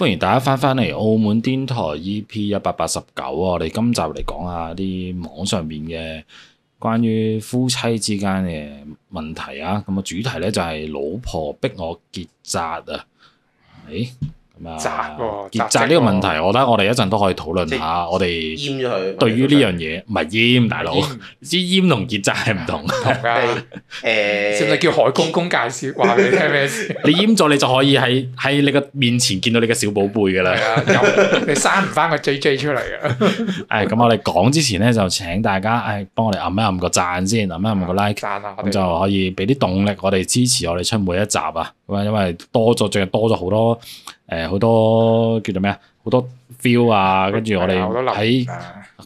歡迎大家翻返嚟《澳門癲台 EP 一百八十九》，我哋今集嚟講下啲網上面嘅關於夫妻之間嘅問題啊！咁啊，主題咧就係、是、老婆逼我結紥啊！誒～結紮呢個問題，我覺得我哋一陣都可以討論下。我哋閹咗佢。對於呢樣嘢，唔係閹，大佬，知閹同結扎係唔同。誒，使唔使叫海公公介紹話俾你聽咩事？你閹咗，你就可以喺喺你個面前見到你嘅小寶貝㗎啦。你生唔翻個 J J 出嚟嘅。誒，咁我哋講之前咧，就請大家誒幫我哋按一按個讚先，按一按個 like，咁就可以俾啲動力，我哋支持我哋出每一集啊。咁啊，因為多咗，最近多咗好多。誒好多叫做咩啊？好多 feel 啊、嗯！跟住我哋喺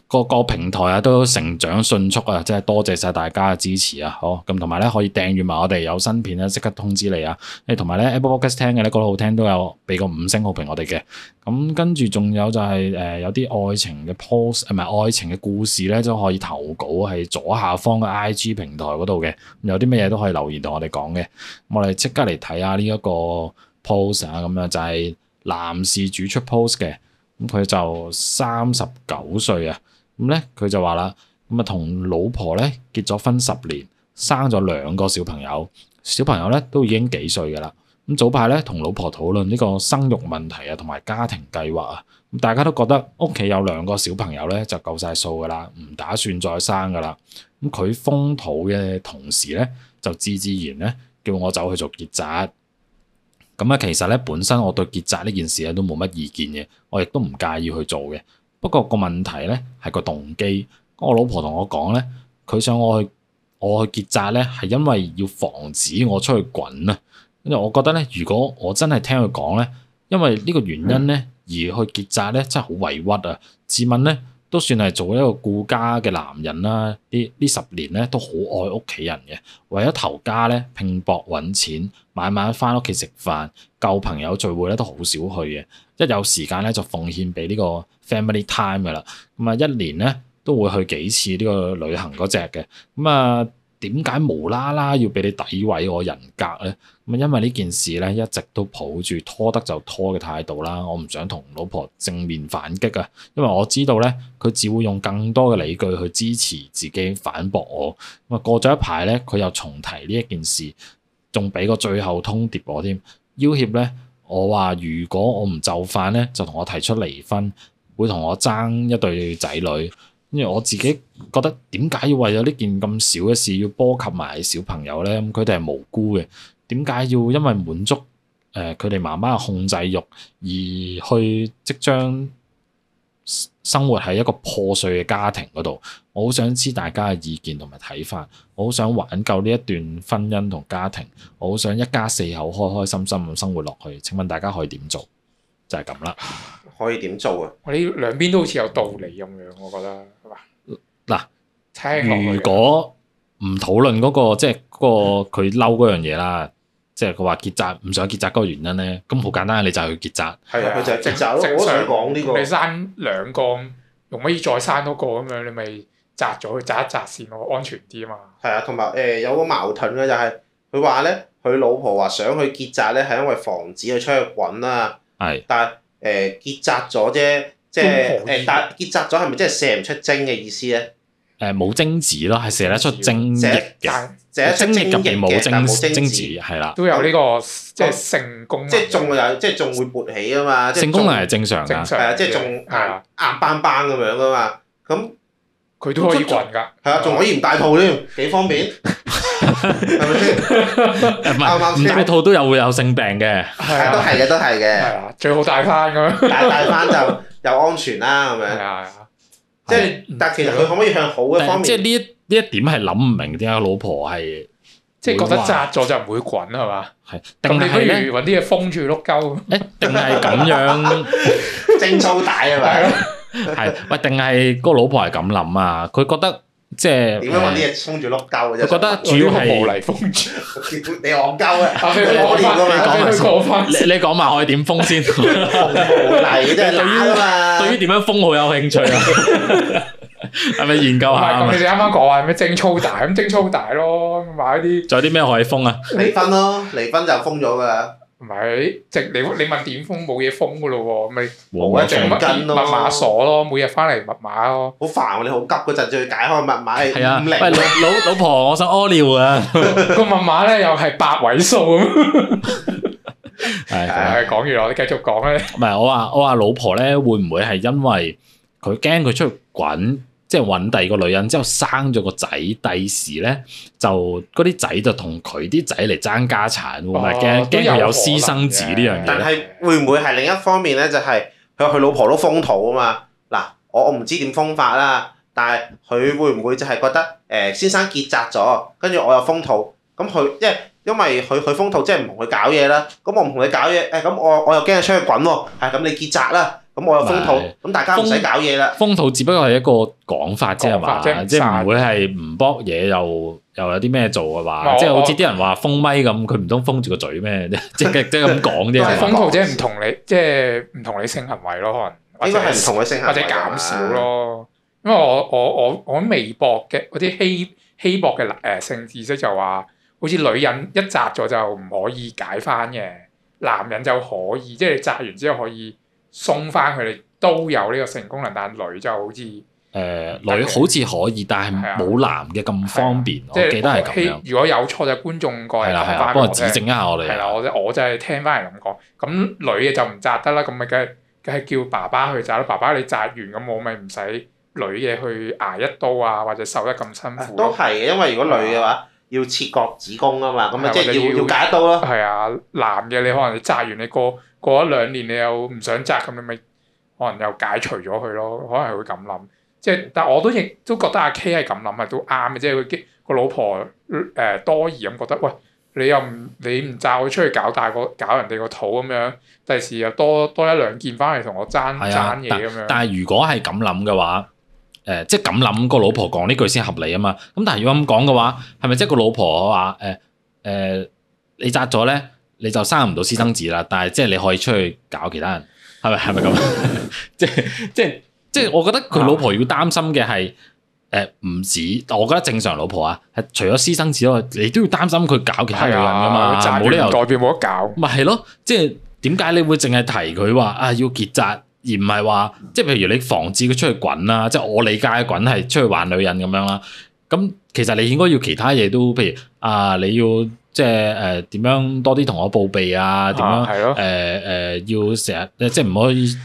個個平台啊，都成長迅速啊！真係多謝晒大家嘅支持啊！好，咁同埋咧，可以訂閱埋我哋有新片咧，即刻通知你啊！誒同埋咧，Apple Podcast 聽嘅咧，覺得好聽都有俾個五星好評我哋嘅。咁跟住仲有就係、是、誒、呃、有啲愛情嘅 post，誒唔係愛情嘅故事咧，都可以投稿喺左下方嘅 IG 平台嗰度嘅。有啲咩嘢都可以留言同我哋講嘅。我哋即刻嚟睇下呢、這、一個。pose 啊，咁樣就係男事主出 post 嘅，咁佢就三十九歲啊，咁咧佢就話啦，咁啊同老婆咧結咗婚十年，生咗兩個小朋友，小朋友咧都已經幾歲噶啦，咁早排咧同老婆討論呢個生育問題啊，同埋家庭計劃啊，咁大家都覺得屋企有兩個小朋友咧就夠晒數噶啦，唔打算再生噶啦，咁佢封肚嘅同時咧就自自然咧叫我走去做結紮。咁啊，其實咧，本身我對結紥呢件事咧都冇乜意見嘅，我亦都唔介意去做嘅。不過個問題咧係個動機，我老婆同我講咧，佢想我去我去結紥咧係因為要防止我出去滾啊。跟住我覺得咧，如果我真係聽佢講咧，因為呢個原因咧而去結紥咧真係好委屈啊！自問咧。都算係做一個顧家嘅男人啦，呢呢十年咧都好愛屋企人嘅，為咗投家咧拼搏揾錢，晚晚返屋企食飯，舊朋友聚會咧都好少去嘅，一有時間咧就奉獻俾呢個 family time 嘅啦。咁啊一年咧都會去幾次呢個旅行嗰隻嘅，咁、嗯、啊。點解無啦啦要俾你詆毀我人格呢？咁因為呢件事咧，一直都抱住拖得就拖嘅態度啦。我唔想同老婆正面反擊啊，因為我知道呢，佢只會用更多嘅理據去支持自己反駁我。咁啊，過咗一排呢，佢又重提呢一件事，仲俾個最後通牒我添，要挾呢，我話如果我唔就範呢，就同我提出離婚，會同我爭一對仔女。因為我自己覺得點解要為咗呢件咁少嘅事要波及埋小朋友咧？咁佢哋係無辜嘅，點解要因為滿足誒佢哋媽媽嘅控制欲而去即將生活喺一個破碎嘅家庭嗰度？我好想知大家嘅意見同埋睇法，我好想挽救呢一段婚姻同家庭，我好想一家四口開開心心咁生活落去。請問大家可以點做？就係咁啦。可以點做啊？我呢兩邊都好似有道理咁樣，我覺得。嗱，如果唔討論嗰個即係嗰個佢嬲嗰樣嘢啦，即係佢話結紮唔想結紮嗰個原因咧，咁好簡單，你就去結紮，係啊，佢就係正正想講呢個。你生兩個，容唔可以再生多個咁樣，你咪紮咗佢，扎一紮先咯，安全啲啊嘛。係啊，同埋誒有、呃、有個矛盾嘅就係佢話咧，佢老婆話想去結紮咧，係因為防止佢出去滾啦。係的。但係誒、呃、結紮咗啫。即係誒，但結紮咗係咪即係射唔出精嘅意思咧？誒，冇精子咯，係射得出精液嘅，射得出精液，但係冇精精子係啦，都有呢個即係性功能，即係仲有即係仲會勃起啊嘛，性功能係正常正常，係啊，即係仲硬邦邦咁樣啊嘛，咁佢都可以做噶，係啊，仲可以唔帶套添，幾方便，係咪先？唔帶套都有會有性病嘅，係都係嘅，都係嘅，係啊，最好帶翻咁樣，但帶翻就。又安全啦係咪？係啊，係啊，即係，但係其實佢可唔可以向好嘅方面？即係呢一呢一點係諗唔明，點解老婆係即係覺得紮咗就唔會滾係嘛？係，定係你不如搵啲嘢封住碌鳩，誒，定係咁樣蒸粗帶係嘛？係，喂，定係個老婆係咁諗啊？佢覺得。即係點樣問啲嘢封住碌鳩嘅啫？我覺得主要係無厘封住，你戇鳩啊！你講埋先，你你講埋可以點封先？ 無無厘真係啊嘛，對！對於點樣封好有興趣啊？係 咪研究下？你哋啱啱講話咩貞操大咁貞操大咯？買啲仲有啲咩可以封啊？離婚咯，離婚就封咗噶。唔係，即係你你問點封，冇嘢封嘅咯喎，咪冇一隻密碼鎖咯、啊，每日翻嚟密碼咯。好煩喎、啊！你好急嗰陣，就要解開密碼。係啊，唔喂老老老婆， 我想屙尿啊！個 密碼咧又係八位數咁。係 講、 哎、完我哋繼續講啦。唔係我話我話老婆咧，會唔會係因為佢驚佢出去滾？即係揾第二個女人之後生咗個仔，第時咧就嗰啲仔就同佢啲仔嚟爭家產，唔係驚驚又有私生子呢樣嘢。但係會唔會係另一方面咧？就係佢佢老婆都封土啊嘛。嗱，我我唔知點封法啦，但係佢會唔會就係覺得誒、欸、先生結紮咗，跟住我又封土咁佢，因為因為佢佢封土即係唔同佢搞嘢啦。咁我唔同佢搞嘢，誒、欸、咁我我又驚佢出去滾喎、啊。係、啊、咁，你結紮啦。咁我又封土，咁是大家唔使搞嘢啦。封土只不過係一個講法啫，係嘛、就是？即係唔會係唔卜嘢又又有啲咩做嘅嘛？即係好似啲人話封咪咁，佢唔通封住個嘴咩？ 即係即係咁講啫，封土即係唔同你，即係唔同你性行為咯。可能或者係唔同嘅性行為，或者減少咯。啊、因為我我我我微博嘅嗰啲稀稀薄嘅誒、呃、性意識就話，好似女人一紮咗就唔可以解翻嘅，男人就可以，即係紮完之後可以。送翻佢哋都有呢個性功能，但係女就好似誒女好似可以，但係冇男嘅咁方便。即係我記得係咁樣。如果有錯就係觀眾過嚟講翻我啫。幫我指正一下我哋。係啦，我我就係聽翻嚟咁講。咁女嘅就唔紮得啦。咁咪梗係梗係叫爸爸去紮啦。爸爸你紮完咁我咪唔使女嘅去挨一刀啊，或者受得咁辛苦咯。都係嘅，因為如果女嘅話要切割子宮啊嘛，咁咪即係要要解一刀咯。係啊，男嘅你可能你紮完你個。過咗兩年，你又唔想紮，咁，你咪可能又解除咗佢咯？可能係會咁諗，即係但係我都亦都覺得阿 K 係咁諗係都啱嘅，即係佢激個老婆誒、呃、多疑咁覺得，喂，你又唔你唔紮我出去搞大個搞人哋個肚咁樣，第時又多多一兩件翻嚟同我爭爭嘢咁樣。但係如果係咁諗嘅話，誒、呃、即係咁諗個老婆講呢句先合理啊嘛。咁但係如果咁講嘅話，係咪即係個老婆話誒誒你紮咗咧？你就生唔到私生子啦，但係即係你可以出去搞其他人，係咪係咪咁？即係即係即係，就是、我覺得佢老婆要擔心嘅係誒唔止，我覺得正常老婆啊，係除咗私生子外，你都要擔心佢搞其他女人㗎嘛，就冇理由代表冇得搞。咪係咯，即係點解你會淨係提佢話啊要結紮，而唔係話即係譬如你防止佢出去滾啦，即、就、係、是、我理解嘅滾係出去玩女人咁樣啦。咁其實你應該要其他嘢都，譬如啊，你要即係誒點樣多啲同我報備啊，點樣誒誒、啊呃、要成日即係唔可以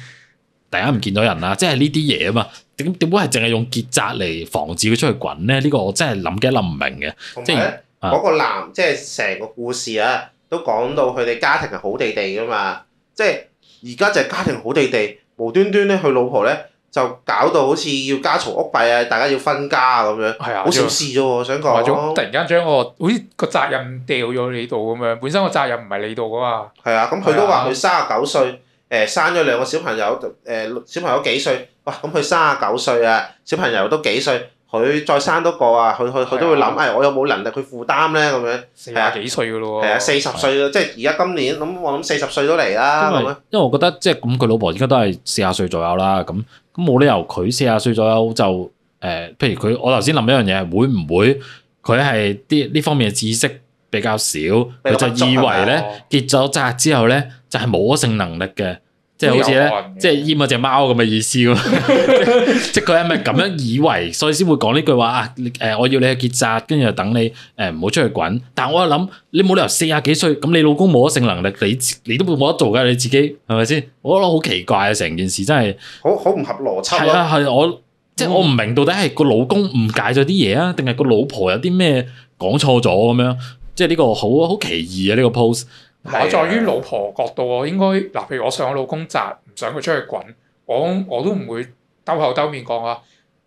大家唔見到人啦，即係呢啲嘢啊嘛，點點會係淨係用結紮嚟防止佢出去滾咧？呢、呢個我真係諗嘅，諗唔明嘅。即埋嗰、啊、個男，即係成個故事啊，都講到佢哋家庭係好地地噶嘛，即係而家就家庭好地地，無端端咧，佢老婆咧。就搞到好似要家嘈屋閉啊！大家要分家啊咁樣，係啊，好少事啫喎，我想講。突然間將個好似個責任掉咗你度咁樣，本身個責任唔係你度噶嘛。係啊，咁佢都話佢三十九歲，誒、嗯啊呃、生咗兩個小朋友，誒、呃、小朋友幾歲？哇！咁佢三十九歲啊，小朋友都幾歲？佢再生多個啊！佢佢佢都會諗，誒的、哎、我有冇能力去負擔咧？咁樣四十，幾歲嘅咯喎？係啊，四十歲咯，歲的即係而家今年咁，我諗四十歲都嚟啦。因為，樣因為我覺得即係咁，佢老婆應該都係四十歲左右啦。咁咁冇理由佢四十歲左右就誒、呃，譬如佢我頭先諗一樣嘢，會唔會佢係啲呢方面嘅知識比較少？佢就以為咧結咗紮之後咧就係、是、冇性能力嘅。即係好似咧，啊、即係閹咗隻貓咁嘅意思喎， 即係佢係咪咁樣以為，所以先會講呢句話啊？誒，我要你去結紮，跟住又等你誒唔好出去滾。但我又諗，你冇理由四啊幾歲咁，你老公冇咗性能力，你你都冇得做嘅，你自己係咪先？我覺得好奇怪啊，成件事真係好好唔合邏輯咯。係啊，係我即係、就是、我唔明到底係個老公誤解咗啲嘢啊，定係個老婆有啲咩講錯咗咁樣？即係呢、這個好好奇異啊，呢、這個 post 我喺在於老婆角度，我應該嗱，譬如我想我老公紥，唔想佢出去滾，我我都唔會兜口兜面講啊，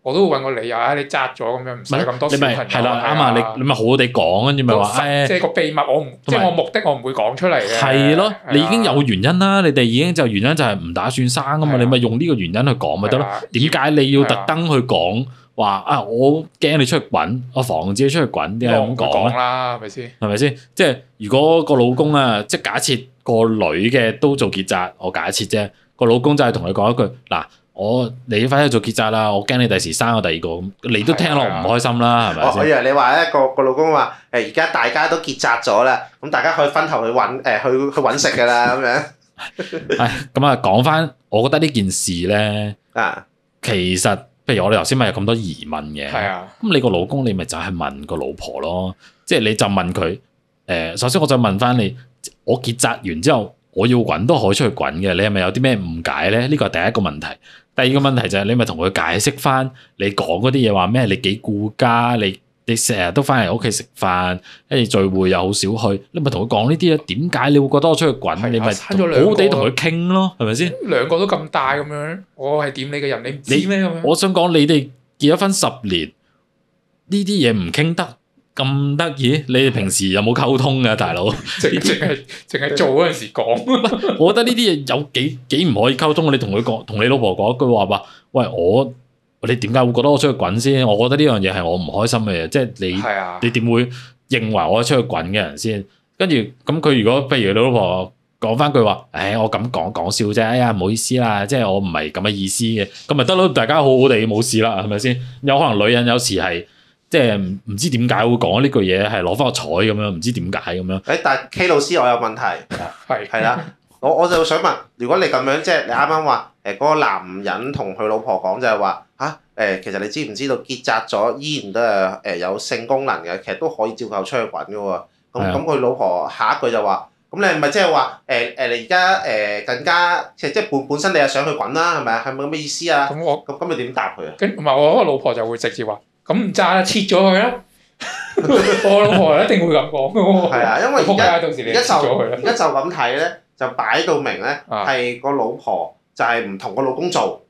我都會揾個理由，唉，你紥咗咁樣，唔使咁多小朋友。你咪係啦，啱啊，你你咪好好地講，跟住咪話即係個秘密，我唔即係我目的，我唔會講出嚟嘅。係咯，你已經有原因啦，你哋已經就原因就係唔打算生啊嘛，你咪用呢個原因去講咪得咯，點解你要特登去講？話啊！我驚你出去滾，我防止你出去滾。點解咁講，講啦，係咪先？係咪先？即係、就是、如果個老公啊，即係 假設個女嘅都做結紮，我假設啫。個老公就係同佢講一句：嗱，我你翻去做結紮啦，我驚你第時生個第二個咁，你都聽落唔開心啦，係咪先？以為、嗯、你話一個個老公話誒，而家大家都結紮咗啦，咁大家可以分頭去揾去去揾食噶啦咁樣。咁 啊，講翻，我覺得呢件事咧啊，其實。譬如我哋頭先咪有咁多疑問嘅，咁係啊你個老公你咪就係問個老婆咯，即係你就問佢，誒、呃、首先我就問翻你，我結紮完之後我要滾都可以出去滾嘅，你係咪有啲咩誤解咧？呢個係第一個問題，第二個問題就係你咪同佢解釋翻，你講嗰啲嘢話咩？你幾顧家，你？你成日都翻嚟屋企食飯，跟住聚會又好少去，你咪同佢講呢啲咧？點解你會覺得我出去滾？的你咪好好地同佢傾咯，係咪先？兩個,是是兩個都咁大咁樣，我係點你嘅人，你唔知咩咁樣？我想講你哋結咗婚十年，呢啲嘢唔傾得咁得意。你哋平時有冇溝通嘅、啊，大佬？淨淨係淨係做嗰陣時講。 我覺得呢啲嘢有幾幾唔可以溝通。你同佢講，同你老婆講一句話話。喂，我。你點解會覺得我出去滾先？我覺得呢樣嘢係我唔開心嘅嘢，即係你係、啊、你點會認為我出去滾嘅人先？跟住咁佢如果譬如你老婆講翻句話，誒、哎、我咁講講笑啫，哎呀唔好意思啦，即係我唔係咁嘅意思嘅，咁咪得咯，大家好好地冇事啦，係咪先？有可能女人有時係即係唔知點解會講呢句嘢，係攞翻個彩咁樣，唔知點解咁樣。誒，但係 K 老師我有問題，係係啦，我我就想問，如果你咁樣即係你啱啱話誒嗰個男人同佢老婆講就係、係、話。誒，其實你知唔知道結紮咗依然都係誒有性功能嘅，其實都可以照舊出去滾噶喎。咁咁佢老婆下一句就話，咁你係咪即係話誒誒你而家誒更加，即係本本身你又想去滾啦，係咪啊？係咪咁嘅意思啊？咁、嗯、我咁咁你點答佢啊？唔係、嗯、我個老婆就會直接話，咁唔炸啦，切咗佢啦！ 我老婆一定會咁講嘅喎。係啊，因為而家而家就而家就咁睇咧，就擺到明咧，係個老婆就係唔同個老公做。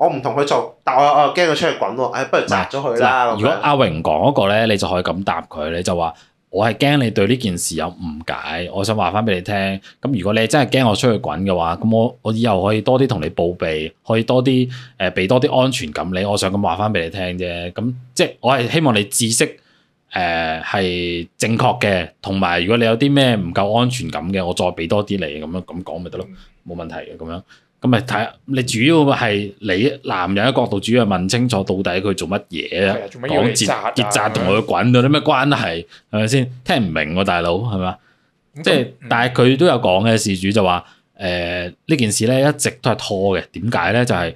我唔同佢做，但我我又驚佢出去滾咯是、哎，不如紮咗佢啦。就是，如果阿榮講嗰個咧，你就可以咁答佢，你就話我係驚你對呢件事有誤解，我想話翻俾你聽。咁如果你真係驚我出去滾嘅話，咁我我以後可以多啲同你報備，可以多啲誒俾多啲安全感你。我想咁話翻俾你聽啫。咁即係我係希望你知識誒係、呃、正確嘅，同埋如果你有啲咩唔夠安全感嘅，我再俾多啲你咁樣，咁講咪得咯，冇、嗯、問題嘅咁樣。咁咪睇下，你主要係你男人嘅角度，主要係問清楚到底佢做乜嘢啊？講結結紮同佢滾到啲咩關係？係咪先？聽唔明喎、啊，大佬係咪即係是，嗯、但係佢都有講嘅，事主就話：誒、呃、呢件事咧一直都係拖嘅，點解咧？就係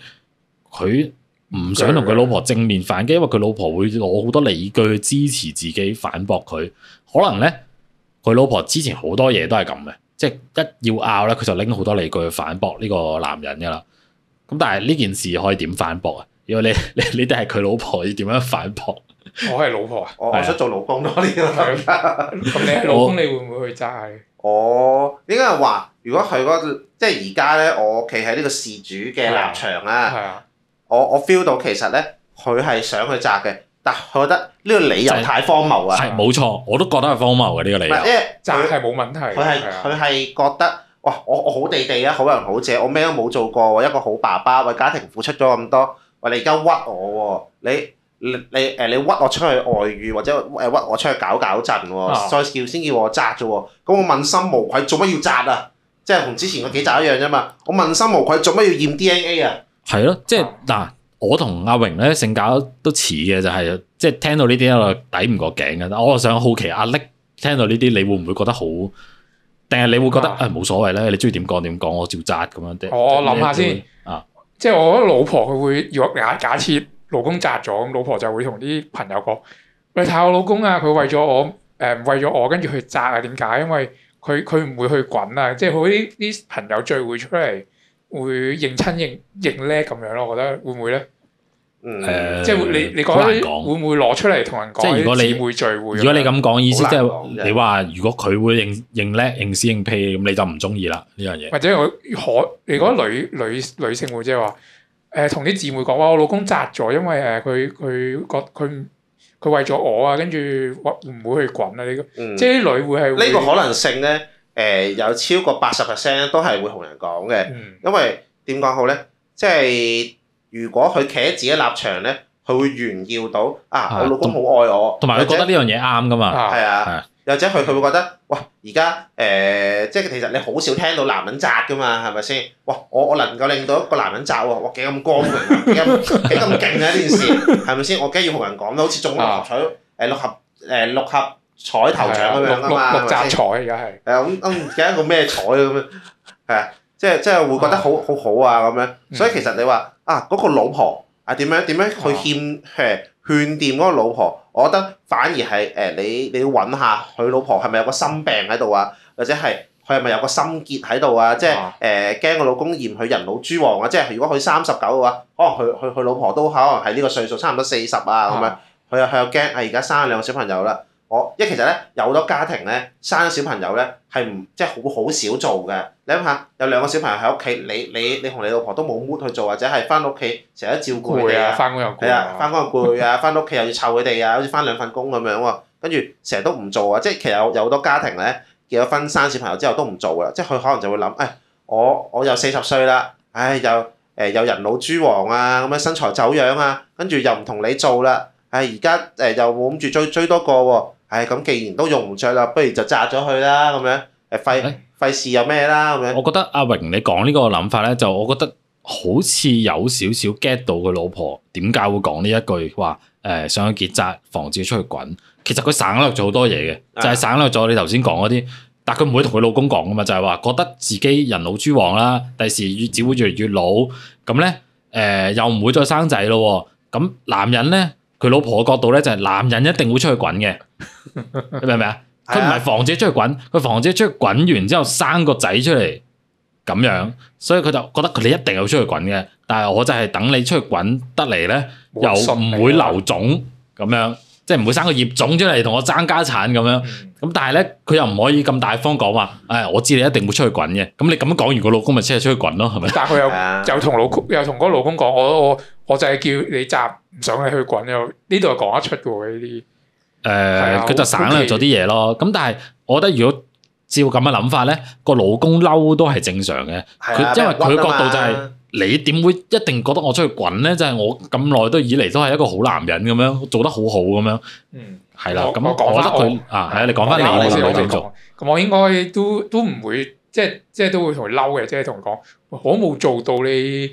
佢唔想同佢老婆正面反擊，因為佢老婆會攞好多理據去支持自己反駁佢。可能咧，佢老婆之前好多嘢都係咁嘅。即係一要拗咧，佢就拎好多理據去反駁呢個男人噶啦。咁但係呢件事可以點反駁啊？如果你你你哋係佢老婆，要點樣反駁？反駁我係老婆啊！我我想做老公多啲啊！咁的 你係老公，我你會唔會去紮？我應該話，如果佢嗰即係而家咧，我企喺呢個事主嘅立場啊，係啊，我我 feel 到其實咧，佢係想去紮嘅。但係我覺得呢個理由太荒謬啊、即係！係冇錯，我都覺得係荒謬嘅呢、呢個理由。即係，佢係冇問題。佢係佢係覺得，哇！我我好地地啊，好人好姐，我咩都冇做過一個好爸爸為家庭付出咗咁多，喂你而家屈我喎，你你你你屈我出去外遇或者屈我出去搞搞震喎，再叫先叫我扎啫喎，咁我問心無愧，做乜要扎啊？即係同之前幾個幾扎一樣啫嘛，我問心無愧，做乜要驗 DNA 啊？係咯，即係嗱。我同阿榮咧性格都似嘅，就係、是、即係聽到呢啲我抵唔過頸嘅。但我又想好奇阿力聽到呢啲，你會唔會覺得好？定係你會覺得誒冇、嗯啊哎、所謂咧？你中意點講點講，我照扎咁樣啲。我諗、哦、是下先啊，即係我覺得老婆佢會如果假假設老公扎咗，咁老婆就會同啲朋友講：你睇下我老公啊，佢為咗我誒、呃，為咗我跟住去扎啊？點解？因為佢佢唔會去滾啊！即係佢啲啲朋友聚會出嚟會認親認認叻咁樣咯。我覺得會唔會咧？誒，即係你你覺得會唔會攞出嚟同人講？即係如果你會聚會，如果你咁講意思，即係你話如果佢會認認叻，認屎、認屁，咁你就唔中意啦呢樣嘢。或者可你覺得女女女性會即係話誒，同啲姊妹講話我老公紮咗，因為誒佢佢覺佢佢為咗我啊，跟住唔會去滾啊。你即係啲女會係呢個可能性咧？誒有超過八十 percent 都係會同人講嘅，因為點講好咧？即係。如果佢企喺自己立場咧，佢會炫耀到啊！我老公好愛我，同埋你覺得呢樣嘢啱噶嘛？係啊，又或者佢佢會覺得，哇！而家誒，即係其實你好少聽到男人紮噶嘛，係咪先？哇！我我能夠令到一個男人紮喎，哇幾咁光榮，幾 啊，幾咁勁啊！呢件事係咪先？我梗要同人講，好似中六合彩誒、啊、六合誒六合彩頭獎咁樣啊嘛！六六,六,六紮彩而家係誒咁咁，幾多個咩彩咁樣係啊？是即係即係會覺得好、啊、好好啊咁樣，嗯、所以其實你話啊嗰、個老婆啊點樣點樣去、啊、勸誒、啊、勸掂嗰個老婆，我覺得反而係誒、呃、你你要揾下佢老婆係咪有個心病喺度啊，或者係佢係咪有個心結喺度啊，啊、啊、啊？即係誒驚個老公嫌佢人老珠黃啊！即係如果佢三十九嘅話，哦佢佢佢老婆都可能係呢個歲數差唔多四十啊咁樣，佢又佢又驚係而家生咗兩個小朋友啦。我，因為其實咧有好多家庭咧生咗小朋友咧係唔即係好好少做嘅。你諗下，有兩個小朋友喺屋企，你你你同你老婆都冇乜去做，或者係翻到屋企成日照顧佢哋啊。翻工又攰啊，翻工又攰啊，翻屋企又要湊佢哋啊，好似翻兩份工咁樣喎。跟住成日都唔做啊，即係其實有好多家庭咧結咗婚生小朋友之後都唔做啦，即係佢可能就會諗誒、哎、我我有、哎、又四十歲啦，唉、呃、又誒有人老珠黃啊，咁樣身材走樣啊，跟住又唔同你做啦，唉而家誒又冇諗住追追多個喎、啊。係咁，哎、既然都用唔着啦，不如就紮咗佢啦，咁樣誒費費事有咩啦，咁樣。我覺得阿榮你講呢個諗法咧，就我覺得好似有少少 get 到佢老婆點解會講呢一句話，誒想、呃、去結紮，防止出去滾。其實佢省略咗好多嘢嘅，就係、是、省略咗你頭先講嗰啲。啊、但佢唔會同佢老公講噶嘛，就係、是、話覺得自己人老珠黃啦，第時只會越嚟越，越老，咁咧誒又唔會再生仔咯。咁男人咧。佢老婆嘅角度咧，就係、是、男人一定會出去滾嘅，明唔明啊？佢唔係防止出去滾，佢防止出去滾完之後生個仔出嚟咁樣，所以佢就覺得佢哋一定有出去滾嘅。但係我就係等你出去滾得嚟咧，又唔會留種咁樣，即係唔會生個野種出嚟同我爭家產咁樣。咁但係咧，佢又唔可以咁大方講話，誒、哎，我知你一定會出去滾嘅。咁你咁樣講完，老 老個老公咪即係出去滾咯，係咪？但係佢又又同老公又同嗰個老公講，我我。我就係叫你紥，唔想你去滾，呢度係講得出嘅喎呢啲，誒佢、呃啊、就省略咗啲嘢咯。咁但係我覺得如果照咁嘅諗法咧，個老公嬲都係正常嘅。佢、啊、因為佢角度就係、是啊、你點會一定覺得我出去滾咧？就係、是、我咁耐都以嚟都係一個好男人咁樣做得好好咁樣。嗯，係啦、啊。咁我，我，我，我覺得佢啊，係啊，啊。你講翻你嘅點、啊、做。咁我應該都都唔會，即係即係都會同佢嬲嘅，即係同佢講，我冇做到你你，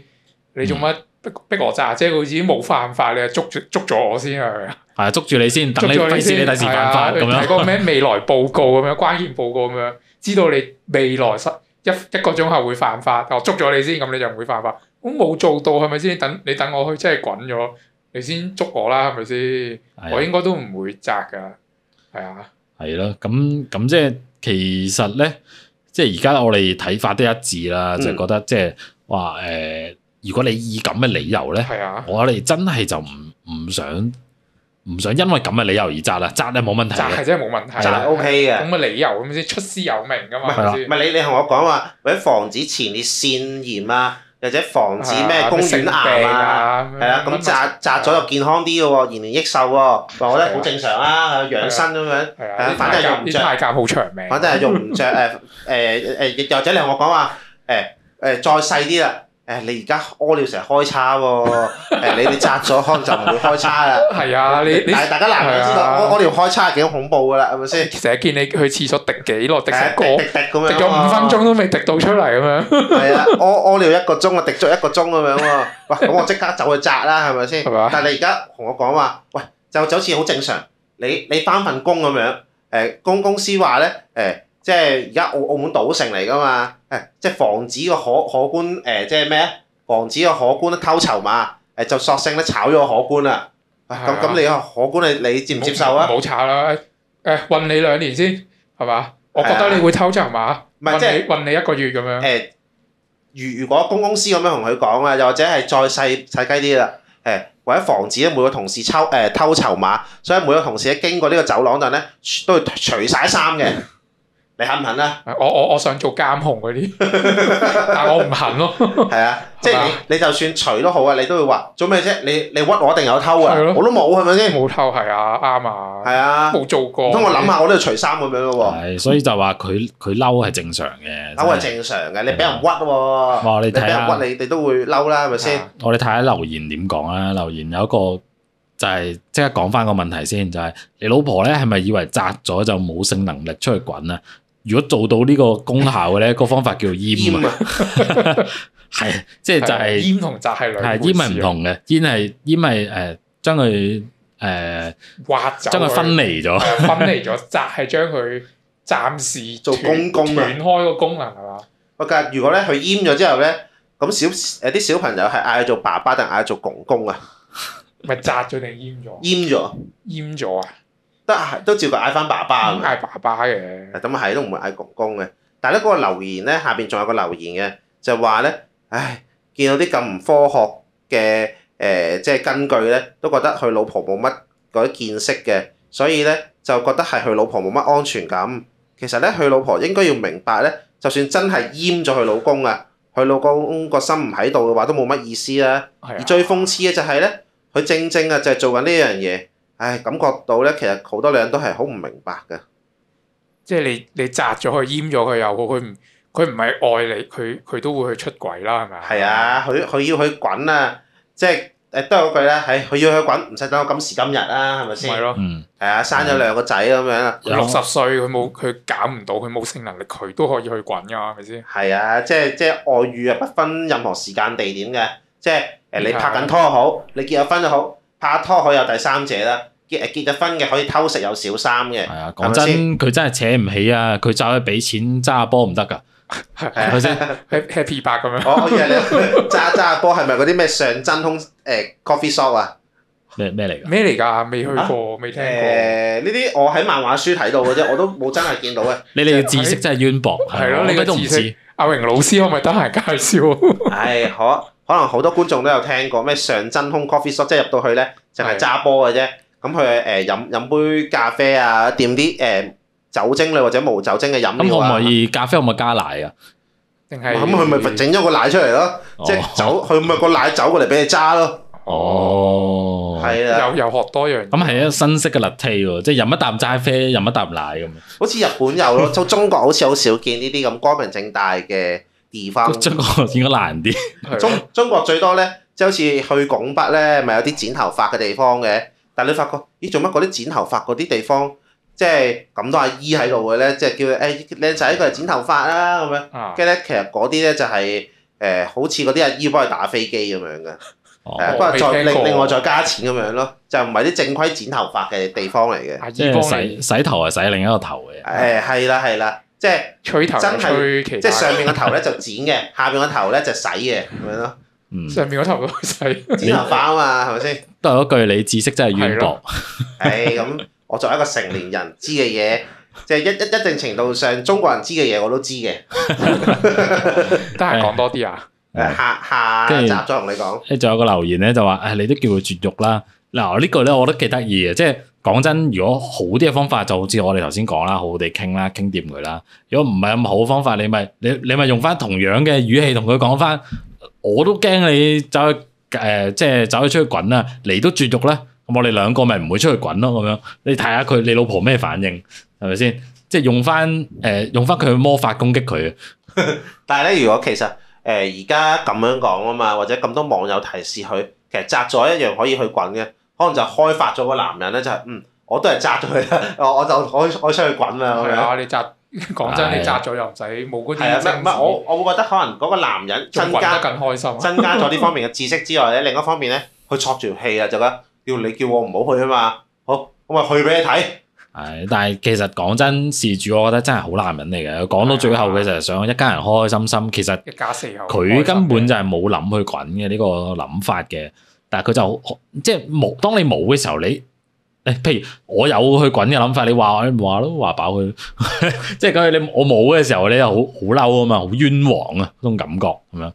你做乜、嗯？逼逼我紮，即係佢自己冇犯法，你係捉住捉咗我先係咪啊？係啊，捉住你先，等你費事你第時犯法咁樣。睇個咩未來報告咁樣， 關鍵報告咁樣，知道你未來十一一個鐘後會犯法，我捉咗你先，咁你就唔會犯法。我冇做到係咪先？等你等我去，即係滾咗，你先捉我啦，係咪先？我應該都唔會紮㗎，係啊。係咯，咁咁即係其實咧，即係而家我哋睇法都一致啦，嗯、就覺得即係話誒。如果你以咁嘅理由咧，我哋真係就唔唔想唔想，因為咁嘅理由而紮啦，紮咧冇問題，紮係真係冇問題，扎 OK 嘅。咁嘅理由咁先出師有名㗎嘛。唔係你你同我講話，或者防止前列腺炎啊，或者防止咩宮頸癌啊，係啊，咁紮紮咗又健康啲嘅喎，延年益壽喎，我覺得好正常啊，養生咁樣，反正用唔着，啲太監好長命，反正係用唔着。誒誒誒，或者你同我講話誒誒再細啲啦。誒、哎，你而家屙尿成日開叉喎、哦！誒、 哎，你你紮咗可能就唔會開叉啦。係 啊，你但大家難唔、啊、知道，屙屙尿開叉係幾恐怖噶啦，係咪先？成日見你去廁所滴幾落滴個，滴滴滴咁樣，滴咗五分鐘都未滴到出嚟咁樣。係哇 啊，屙屙尿一個鐘啊，滴足一個鐘咁樣喎。喂， 咁我即刻走去紮啦，係咪先？係嘛。但係你而家同我講話，喂，就就好似好正常，你你返份工咁樣，誒、哎，公公司話咧，誒、哎。哎即係而家澳澳門賭城嚟㗎嘛？誒、哎，即係防止個荷荷官誒、呃，即係咩防止個荷官偷籌碼，誒、呃呃、就索性咧炒咗個荷官啦。咁咁、啊啊、你個荷官你你接唔接受啊？冇炒啦，誒韞、呃、你兩年先，係嘛？我覺得你會偷籌碼。唔係、呃、你即係是韞你一個月咁樣、呃。誒，如如果公公司咁樣同佢講啊，又或者係再細細雞啲啦，誒、呃，為咗防止咧每個同事抽誒、呃、偷籌碼，所以每個同事咧經過呢個走廊度咧，都會除晒衫嘅。 你肯唔肯啊？我我我想做監控嗰啲，但係我唔肯咯。係啊，即係你你就算除都好啊，你都會話做咩啫？你你屈我一定有偷啊？我都冇係咪先？冇偷係啊，啱啊，係啊，冇做過。咁我諗下，我都係除衫咁樣咯。係，所以就話佢佢嬲係正常嘅，嬲係正常嘅，你俾人屈喎，你俾人屈你哋都會嬲啦，係咪先？我哋睇下留言點講啦。留言有一個就係即刻講翻個問題先，就係你老婆咧係咪以為紮咗就冇性能力出去滾啊？如果做到呢個功效嘅咧，個方法叫做閹啊，係即係就係閹同紮係兩係閹係唔同嘅，閹係閹係誒將佢誒挖走將佢分離咗，分離咗，紮係將佢暫時做公公斷開個功能係嘛？我噶，如果咧佢閹咗之後咧，咁小誒啲小朋友係嗌佢做爸爸定嗌佢做公公啊？咪紮咗定閹咗？閹咗？閹咗啊？都照佢嗌翻爸爸，嗌爸爸嘅。咁啊係都唔會嗌公公嘅。但係咧嗰個留言咧，下邊仲有個留言嘅，就話咧，唉，見到啲咁唔科學嘅誒、呃，即係根據咧，都覺得佢老婆冇乜嗰啲見識嘅，所以咧就覺得係佢老婆冇乜安全感。其實咧，佢老婆應該要明白咧，就算真係閹咗佢老公啊，佢老公個心唔喺度嘅話，都冇乜意思啦。的而最諷刺嘅就係咧，佢正正啊就係做緊呢樣嘢。唉、哎，感覺到咧，其實好多女人都係好唔明白嘅，即係你你紮咗佢，閹咗佢又好，佢唔佢唔係愛你，佢佢都會去出軌啦，係咪啊？係啊，佢佢要去滾啊！即係誒、呃，都有句啦，係、哎、佢要去滾，唔使等到今時今日啦、啊，係咪先？係咯、啊。嗯。啊，生咗兩個仔咁、嗯、樣。佢六十歲，佢冇佢搞唔到，佢冇性能力，佢都可以去滾噶、啊，係咪先？係啊，即係即係外遇啊，不分任何時間地點嘅，即係誒你拍緊拖又好，你結咗婚又好，拍拖可有第三者啦。結咗婚嘅可以偷食有小三嘅，係啊！講真，佢真係扯唔起啊！佢走去俾錢揸下波唔得㗎，係咪先？happy 八咁樣。我以為你揸揸下波係咪嗰啲咩上真空誒 coffee shop 啊？咩咩嚟㗎？咩嚟㗎？未去過，未聽過。誒呢啲我喺漫畫書睇到嘅啫，我都冇真係見到嘅。你哋嘅知識真係淵博，係咯？你嘅知識，阿榮老師可唔可以得閒介紹？誒可可能好多觀眾都有聽過咩上真空 coffee shop，即係入到去咧，淨係揸波嘅啫。咁佢誒飲飲杯咖啡啊，點啲誒酒精類或者無酒精嘅飲料啊。咁可唔可以咖啡可唔可以加奶啊？定係咁佢咪整咗個奶出嚟咯，哦、即係酒佢咪個奶酒過嚟俾你揸咯。哦，係啊的，又又學多樣。咁係一個新式嘅立 t 喎，即係飲一啖齋啡，飲一啖奶咁好似日本有咯，中中國好似好少見呢啲咁光明正大嘅地方。 中國見得難啲，中的 中國最多咧，即係好似去拱北咧，咪有啲剪頭髮嘅地方嘅。但你發覺，咦做乜嗰啲剪頭髮嗰啲地方，即係咁多阿姨喺度嘅咧，即係叫誒靚仔佢嚟剪頭髮啦，咁樣。啊！跟咧，啊、其實嗰啲咧就係、是、誒、呃，好似嗰啲阿姨幫佢打飛機咁樣嘅，誒不、哦、過再另另外再加錢咁樣咯，就唔係啲正規剪頭髮嘅地方嚟嘅。洗洗頭係洗另一個頭嘅。誒係啦係啦，即係、就是、吹頭吹真係的，即係 上面個頭咧就剪嘅，下邊個頭咧就洗嘅，咁樣咯。嗯、上面嗰頭嘅、就、仔、是，黐頭髮啊嘛，係咪先？ 都係嗰句，你知識真係淵博。唉的，咁、 哎、我作為一個成年人知，知嘅嘢，即係一一一定程度上，中國人知嘅嘢，我都知嘅。得閒講多啲啊！誒、嗯，下下集再同你講。誒，仲有個留言咧，就話：誒、哎，你都叫佢絕育啦。嗱，句呢句咧，我覺得幾得意啊！即係講真，如果好啲嘅方法，就好似我哋頭先講啦，好好地傾啦，傾掂佢啦。如果唔係咁好方法，你咪你你咪用翻同樣嘅語氣同佢講翻。我都驚你走誒、呃，即係走咗出去滾啊！嚟都絕育咧，咁我哋兩個咪唔會出去滾咯，咁樣你睇下佢你老婆咩反應？係咪先？即係用翻誒、呃，用翻佢嘅魔法攻擊佢。 但係咧，如果其實誒而家咁樣講啊嘛，或者咁多網友提示佢，其實紮咗一樣可以去滾嘅，可能就開發咗個男人咧、就是，就係嗯，我都係紮咗佢啦，我我就我我出去滾啦，我哋紮。講真，對你紮咗又唔使冇嗰啲。係啊，唔係我我會覺得可能嗰個男人增加更開心。增加咗呢方面嘅知識之外咧， 另一方面咧，佢戳住個氣啊，就得。要你叫我唔好去啊嘛。好，咁咪去俾你睇。係，但係其實講真事主，我覺得真係好男人嚟嘅。講到最後，佢就係想一家人開開心心。其實一家四口。佢根本就係冇諗去滾嘅呢個諗法嘅，但係佢就即係冇。當你冇嘅時候，你。誒，譬如我有去滾嘅諗法，你話你話咯，話飽佢，即係咁樣。你我冇嘅時候，你又好好嬲啊嘛，好冤枉啊，嗰種感覺咁樣。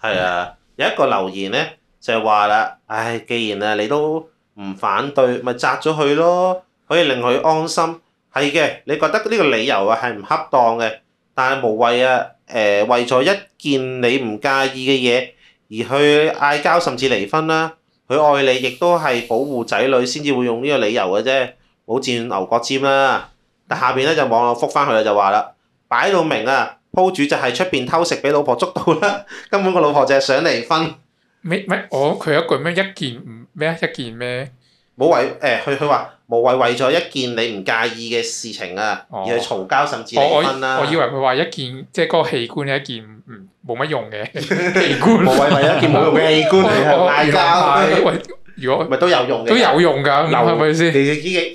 係啊，有一個留言咧就係話啦，唉，既然啊你都唔反對，咪紥咗佢咯，可以令佢安心。係嘅，你覺得呢個理由啊係唔恰當嘅，但係無謂啊。誒，為咗一件你唔介意嘅嘢，而去嗌交，甚至離婚啦。佢愛你，亦都係保護仔女先至會用呢個理由嘅啫，冇佔牛角尖啦、啊。但下邊咧就網友覆翻佢啦，就話啦，擺到明啊，鋪主就係出邊偷食俾老婆捉到啦，根本個老婆就係想離婚。咩咩？我佢一句咩一件唔咩啊一件咩？冇為誒，佢佢話無謂為咗一件你唔介意嘅事情啊，哦、而去嘈交甚至離婚啦、啊。我以為佢話一件即係、就是、個器官係一件唔。嗯冇乜用嘅，器官。冇謂為一件冇用嘅器官嚟去，如果咪都有用嘅，都有用噶，係咪先？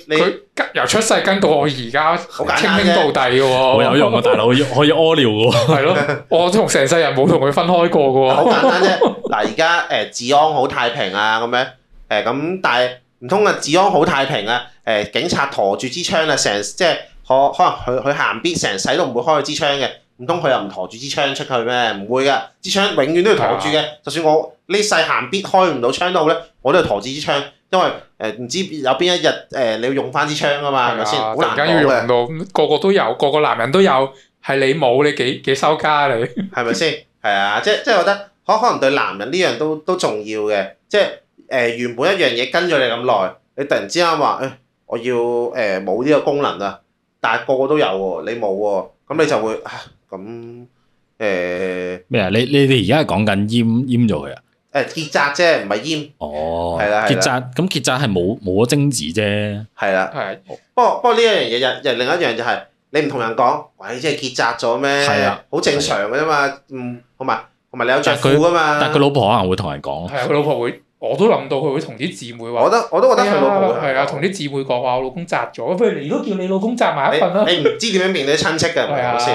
佢由出世跟到我而家，親到底嘅喎。冇用啊，大佬，可以屙尿嘅喎。係咯，我同成世人冇同佢分開過嘅喎。好簡單啫。嗱，而家誒治安好太平啊，咁樣誒咁，但係唔通啊？治安好太平啊？誒，警察駝住支槍啊，成即係可可能佢佢行邊，成世都唔會開佢支槍嘅。唔通佢又唔攞住支槍出去咩？唔會嘅，支槍永遠都要攞住嘅。就算我呢世行必開唔到槍都好咧，我都要攞住支槍，因為誒唔知有邊一日誒你要用翻支槍啊嘛，係咪先？好難要用到，個個都有，個個男人都有，係你冇，你幾幾羞家，你係咪先？係啊，即即我覺得可可能對男人呢樣都都重要嘅，即係誒原本一樣嘢跟咗你咁耐，你突然之間話誒我要誒冇呢個功能啊，但係個個都有喎，你冇喎，咁你就會。咁誒咩啊？你你哋而家係講緊閹閹咗佢啊？誒結紮啫，唔係閹。哦，係啦，結紮，咁結扎係冇冇咗精子啫。係啦，係。不過不過呢一樣嘢，又又另一樣就係你唔同人講，喂，即係結紮咗咩？係啊，好正常㗎啫嘛。嗯，同埋同埋了咗褲啊嘛、啊啊啊。但係佢是好老婆可能會同人講。係佢、啊、老婆會。我都諗到佢會同啲姊妹話，我都我都覺得佢老婆係啊，同啲姊妹講話我老公紮咗。不如如果叫你老公紮埋一份啦。你唔知點樣面對親戚嘅係咪好笑？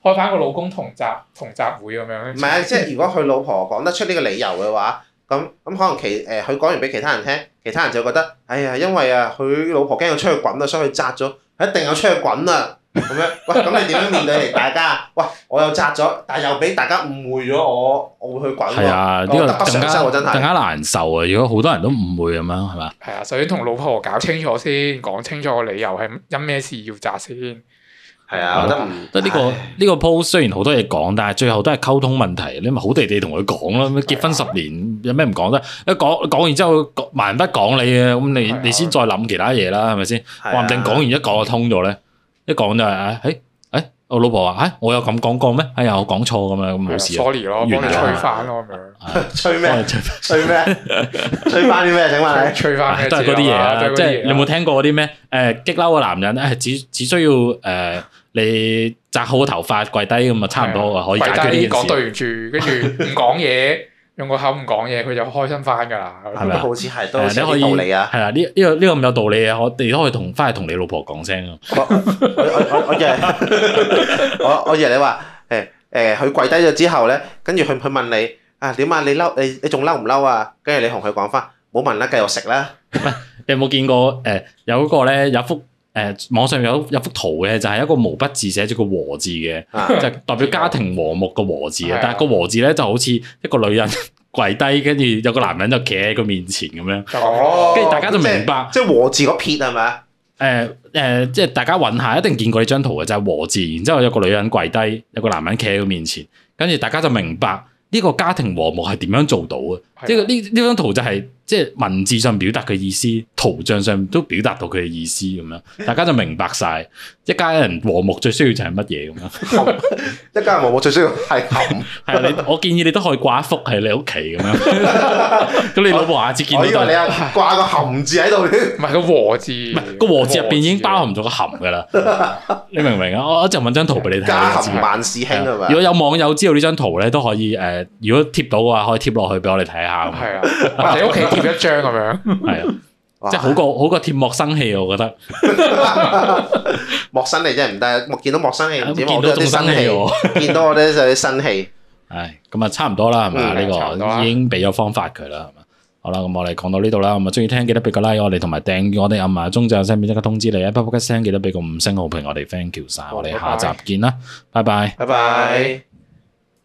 開翻個老公同紮同紮會咁樣。唔係啊，即係如果佢老婆講得出呢個理由嘅話，咁咁可能其誒佢講完俾其他人聽，其他人就覺得，哎呀，因為啊，佢老婆驚佢出去滾啊，所以佢紮咗，佢一定有出去滾啊。咁樣，喂，咁你點樣面對大家？喂，我又紮咗，但係又俾大家誤會咗我，我會去滾喎。係啊，呢個更加更加難受啊！如果好多人都誤會咁樣，係嘛？係啊，首先同老婆搞清楚先，講清楚個理由係因咩事要紮先。係啊，我覺得得呢個呢個 post 雖然好多嘢講，但係最後都係溝通問題。你咪好地地同佢講咯，結婚十年有咩唔講得？一講講完之後，萬不講你嘅，咁你你先再諗其他嘢啦，係咪先？話唔定講完一講就通咗咧。一講就係、是，哎、欸，哎、欸，我老婆話，哎、欸，我有咁講過咩？哎、欸、呀，我講錯咁樣咁冇事，sorry 咯，幫你吹翻咯，咁樣吹咩？吹咩？吹翻啲咩？整翻你，吹翻都係嗰啲嘢啊，即係你有冇聽過嗰啲咩？誒、啊、激嬲嘅男人，誒、啊、只只需要誒、啊、你紮好個頭髮，跪低咁啊，差唔多啊，了可以解決啲嘢事。講對唔住，跟住唔講嘢。 用個口唔講嘢，佢就開心翻噶啦，係咪好似係都係有道理啊！係啊，呢呢個呢個咁有道理啊！我哋都可以同翻去同你老婆講聲啊！我我我我以為我我以為你話誒、誒，佢跪低咗之後咧，跟住佢佢問你啊點啊？你嬲你你仲嬲唔嬲啊？跟住你同佢講翻，冇問啦，繼續食啦！你，有冇見過誒有個咧有幅？誒，網上有有幅圖嘅，就係一個毛筆字寫住個和字嘅， 就代表家庭和睦個和字啊。 但係個和字咧就好似一個女人跪低，跟住有個男人就企喺佢面前咁樣。哦，跟住大家就明白，即係和字個撇係咪？誒誒，即係、呃呃、大家搵下，一定見過呢張圖嘅，就係、是、和字。然之後有個女人跪低，有個男人企喺佢面前，跟住大家就明白呢個家庭和睦係點樣做到嘅。呢、啊這個呢呢張圖就係、是。即係文字上表達嘅意思，圖像上都表達到佢嘅意思咁樣，大家就明白晒，一家人和睦最需要就係乜嘢咁樣？一家人和睦最需要係含，係啊！你我建議你都可以掛一幅喺你屋企咁樣，咁你老婆下次見到呢都係掛個含字喺度，唔係個和字，唔係個和字入邊已經包含咗個含噶啦，你明唔明啊？我一陣問張圖俾你睇，家含萬事興，如果有網友知道呢張圖咧，都可以誒，如果貼到嘅話，可以貼落去俾我哋睇下。係啊，你屋企。一張咁樣，係啊，即係好過好過貼莫生氣，我覺得莫生氣真係唔得，莫見到莫生氣，見到啲生氣，見到我哋就係生氣。唉，咁啊，差唔多啦，係嘛，呢個已經俾咗方法佢啦，係嘛。好啦，咁我哋講到呢度啦，咁啊，中意聽記得俾個 like，我哋同埋訂閱我哋暗埋，中有先面，即刻通知你啊，不呼吸聲記得俾個五星好評，我哋 thank you 晒，我哋下集見啦，拜拜，拜拜。